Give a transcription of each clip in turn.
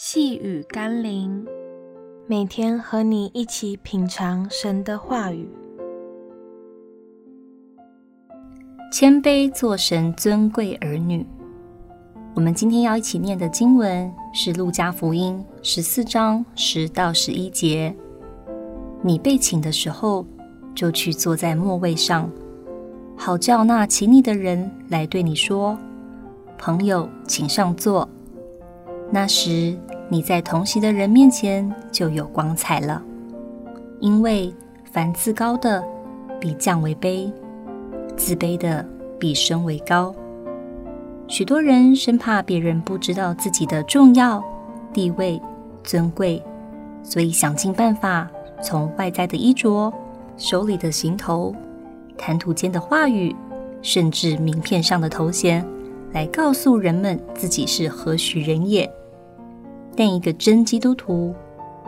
細語甘霖，每天和你一起品嘗神的話語。謙卑作神尊貴兒女。我們今天要一起念的經文是《路加福音》十四章十到十一節。你被請的時候，就去坐在末位上，好叫那請你的人來對你說：“朋友，請上座。”那時，你在同席的人面前就有光彩了，因為凡自高的，必降為卑；自卑的，必升為高。許多人生怕別人不知道自己的重要、地位、尊貴，所以想盡辦法從外在的衣着、手裡的行頭、談吐間的話語，甚至名片上的頭銜。來告訴人們自己是何許人也。但一個真基督徒，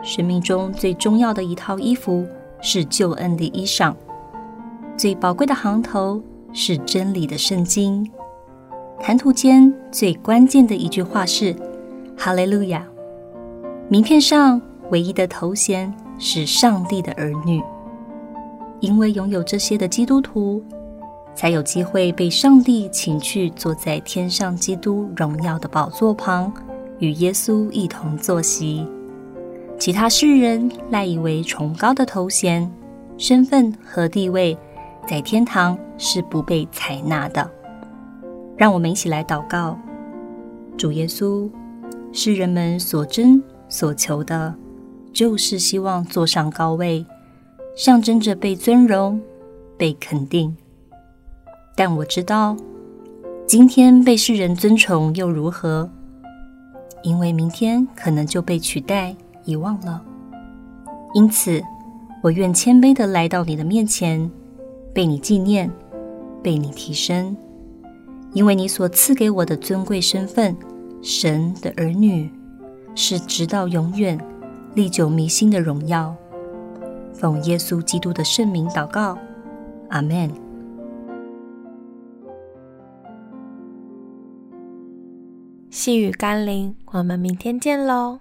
生命中最重要的一套衣服是救恩的衣裳；最寶貴的行頭是真理的聖經；談吐間最關鍵的一句話是“哈利路亞”；名片上唯一的頭銜是“上帝的兒女”。因為擁有這些的基督徒，才有機會被上帝請去坐在天上基督榮耀的寶座旁，與耶穌一同坐席。其他世人賴以為崇高的頭銜、身份和地位，在天堂是不被採納的。讓我們一起來禱告：主耶穌，世人們所爭所求的，就是希望坐上高位，象徵着被尊榮、被肯定。但我知道，今天被世人尊崇又如何？因為明天可能就被取代、遺忘了。因此，我願謙卑地來到你的面前，被你紀念，被你提升。因為你所賜給我的尊貴身份——神的兒女，是直到永遠、歷久彌新的榮耀。奉耶穌基督的聖名禱告，阿們。細語甘霖，我們明天見嘍。